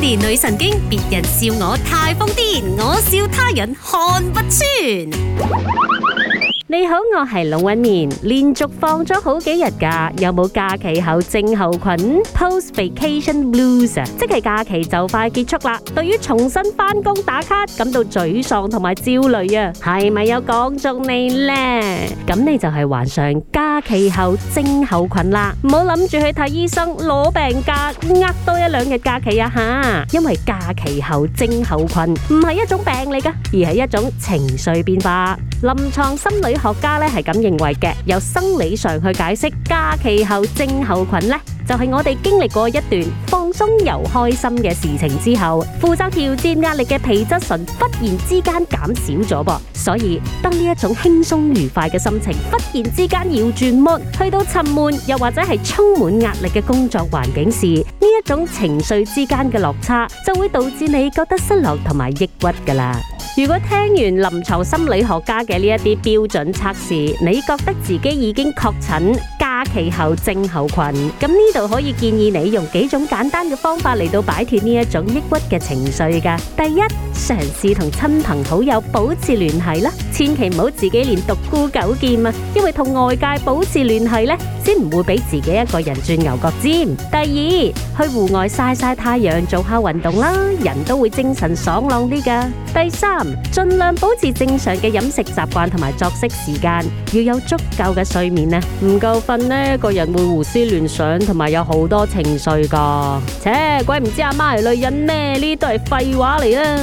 連女神經，別人笑我太瘋癲，我笑他人看不穿。你好，我係龍紋敏，連續放咗好幾日假，有冇假期後症候群 （post vacation blues） 啊？即係假期就快結束啦，對於重新翻工打卡感到沮喪同埋焦慮啊，係咪有講中你咧？咁你就係患上加期後症候群啦，唔好諗住去睇醫生攞病假，呃多一兩日假期啊吓、啊！因為假期後症候群唔係一種病嚟噶，而係一種情緒變化。臨床心理學家咧係咁認為嘅，由生理上去解釋假期後症候群咧，就係、是、我哋經歷過一段。中由開心嘅事情之後，負責調節壓力嘅皮質醇忽然之間減少咗噃，所以當呢一種輕鬆愉快嘅心情忽然之間要轉木，去到沉悶又或者係充滿壓力嘅工作環境時，呢一種情緒之間嘅落差就會導致你覺得失落同埋抑鬱噶啦。如果聽完臨床心理學家嘅呢一啲標準測試，你覺得自己已經確診假期後症候群，咁呢度可以建議你用幾種簡單。嘅方法嚟到擺脫呢一種抑鬱嘅情緒噶，第一，嘗試同親朋好友保持聯繫啦，千祈唔好自己連獨孤九劍啊，因為同外界保持聯繫咧。先唔會俾自己一個人轉牛角尖。第二，去戶外曬曬太陽，做下運動啦，人都會精神爽朗啲噶。第三，盡量保持正常嘅飲食習慣同埋作息時間，要有足夠嘅睡眠。呢唔夠瞓呢，個人會胡思亂想，同埋有好多情緒噶。切，鬼唔知阿媽係女人咩？呢都係廢話嚟啦，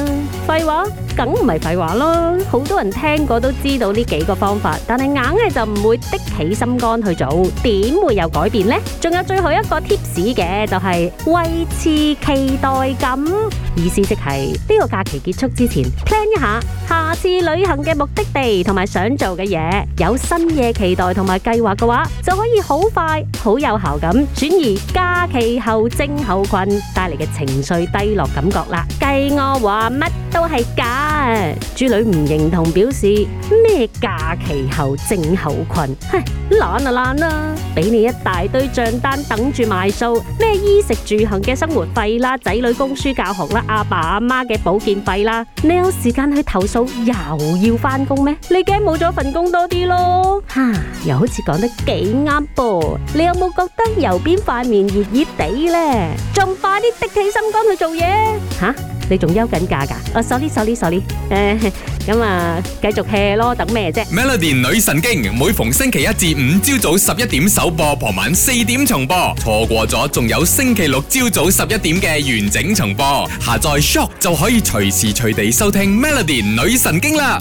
廢話。梗唔係廢話咯，好多人聽過都知道呢幾個方法，但係硬係就唔會的起心肝去做，點會有改變呢？仲有最後一個 tips 嘅，就是，就係維持期待感，意思即係呢個假期結束之前 plan 一下下次旅行嘅目的地同埋想做嘅嘢，有新嘢期待同埋計劃嘅話，就可以好快好有效咁轉移假期後症候群帶嚟嘅情緒低落感覺啦。計我話乜都係假。豬、啊、女唔認同，表示咩假期後症候群？嗨懶就懶啦，俾、啊啊、你一大堆賬單等住埋數，咩衣食住行嘅生活費啦、啊，仔女供書教學啦、啊，阿爸阿媽嘅保健費啦、啊，你有時間去投訴又要翻工咩？你驚冇咗份工多啲咯？吓、啊，又好似講得幾啱噃，你有冇覺得右邊塊面熱熱地呢？仲快啲滴起心肝去做嘢吓！啊你仲休緊假㗎？啊，sorry，sorry，sorry，誒，咁啊，繼續 hea 咯，等咩啫？Melody 女神經，每逢星期一至五朝早十一點首播，傍晚四點重播，錯過咗仲有星期六朝早十一點嘅完整重播，下載 Show 就可以隨時隨地收聽 Melody 女神經啦。